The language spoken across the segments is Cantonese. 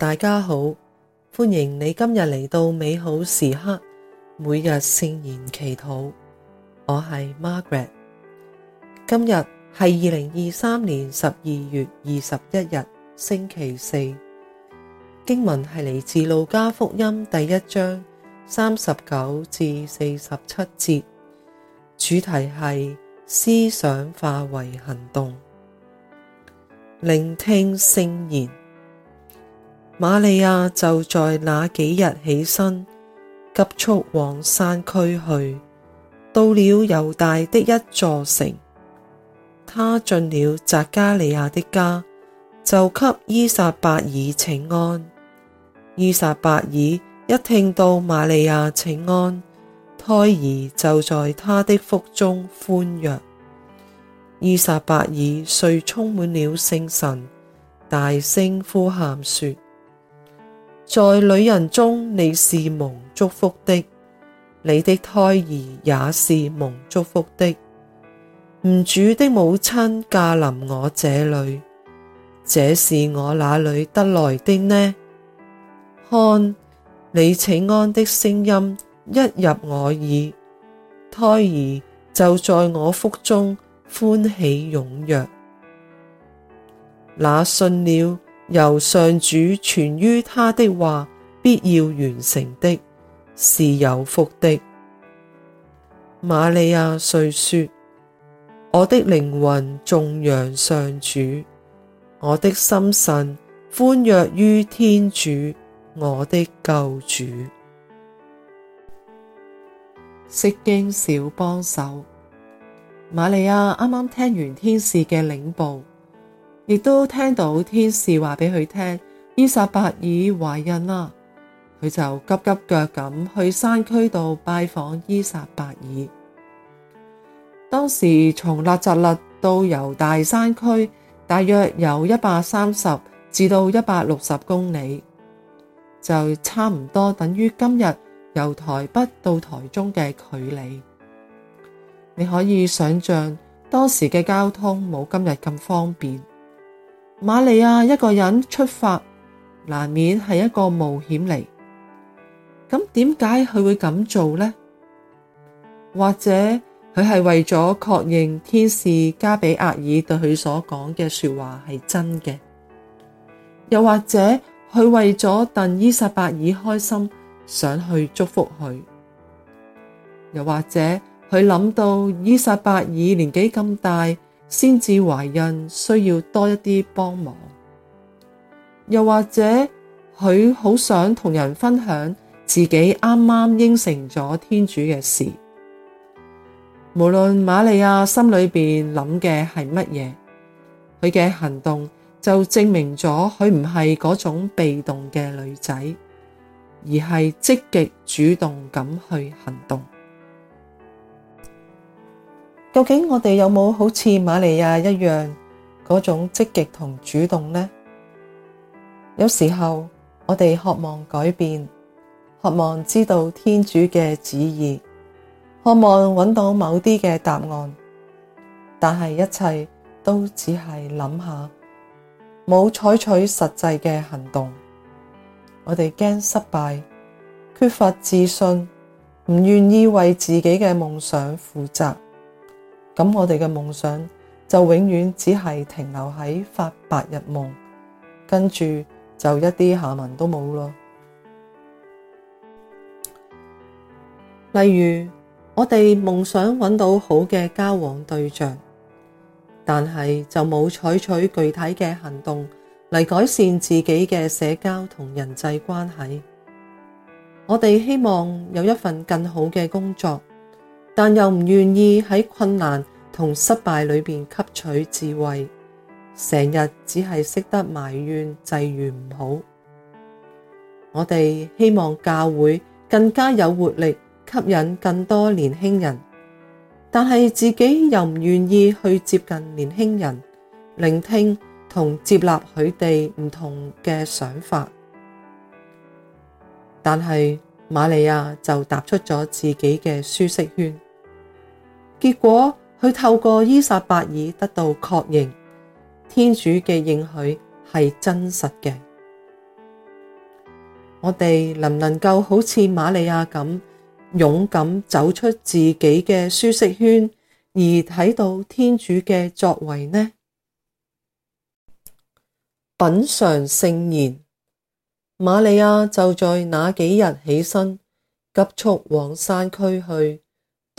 大家好，歡迎你今日嚟到美好時刻，每日聖言祈禱。我係 Margaret，今日係二零二三年十二月二十一日星期四。經文係嚟自路加福音第一章三十九至四十七節，主題係思想化為行動，聆聽聖言。瑪利亞就在那幾日起身，急速往山區去。到了猶大的一座城，她進了匝加利亞的家，就給依撒伯爾請安。依撒伯爾一聽到瑪利亞請安，胎兒就在她的腹中歡躍。依撒伯爾遂充滿了聖神，大聲呼喊說。在女人中你是蒙祝福的，你的胎兒也是蒙祝福的。吾主的母親駕臨我這裏，這是我哪裏得來的呢？看，你請安的聲音一入我耳，胎兒就在我腹中歡喜踴躍。那信了。由上主傳於他的話，必要完成的，是有福的。瑪利亞遂說，我的靈魂頌揚上主，我的心神歡躍於天主，我的救主。釋經小幫手，瑪利亞啱啱聽完天使嘅領報。」亦都聽到天使話俾佢聽，依撒伯爾懷孕啦、啊，佢就急急腳咁去山區度拜訪依撒伯爾。當時從納匝肋到猶大山區，大約有一百三十至到一百六十公里，就差唔多等於今日由台北到台中嘅距離。你可以想象當時嘅交通冇今日咁方便。瑪利亞一個人出發，難免係一個冒險嚟。咁點解佢會咁做呢？或者佢係為咗確認天使加俾額爾對佢所講嘅說話係真嘅，又或者佢為咗鄧依撒伯爾開心，想去祝福佢，又或者佢諗到依撒伯爾年紀咁大。先至懷孕需要多一啲幫忙，又或者佢好想同人分享自己啱啱應承咗天主嘅事。無論瑪利亞心裏邊諗嘅係乜嘢，佢嘅行動就證明咗佢唔係嗰種被動嘅女仔，而係積極主動咁去行動。究竟我哋有冇好似瑪利亞一樣嗰種積極同主動呢？有時候我哋渴望改變，渴望知道天主嘅旨意，渴望揾到某啲嘅答案，但係一切都只係諗下，冇採取實際嘅行動。我哋驚失敗，缺乏自信，唔願意為自己嘅夢想負責。咁我哋嘅夢想就永遠只係停留喺發白日夢，跟住就一啲下文都冇咯。例如，我哋夢想揾到好嘅交往對象，但係就冇採取具體嘅行動嚟改善自己嘅社交同人際關係。我哋希望有一份更好嘅工作，但又唔願意喺困難。從失敗裏邊吸取智慧，成日只係識得埋怨際遇唔好。我哋希望教會更加有活力，吸引更多年輕人，但係自己又唔願意去接近年輕人，聆聽同接納佢哋唔同嘅想法。但係瑪利亞就踏出咗自己嘅舒適圈，結果。佢透過依撒伯爾得到確認，天主嘅應許係真實嘅。我哋能唔能夠好似瑪利亞咁勇敢走出自己嘅舒適圈，而睇到天主嘅作為呢？品嚐聖言，瑪利亞就在那幾日起身，急速往山區去。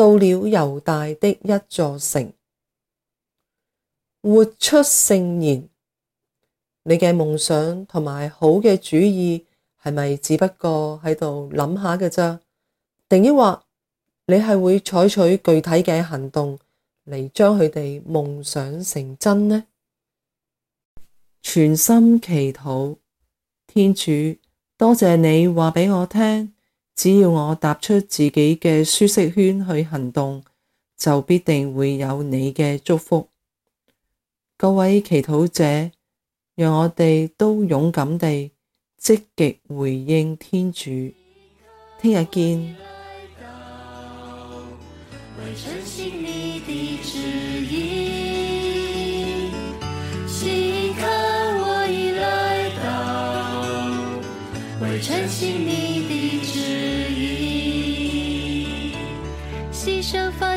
到了猶大的一座城，活出聖言。你嘅夢想同埋好嘅主意，係咪只不過喺度諗下嘅啫？定抑或你係會採取具體嘅行動嚟將佢哋夢想成真呢？全心祈禱，天主，多謝你話俾我聽。只要我踏出自己嘅舒適圈去行動，就必定會有你嘅祝福。各位祈禱者，讓我哋都勇敢地積極回應天主。聽日見。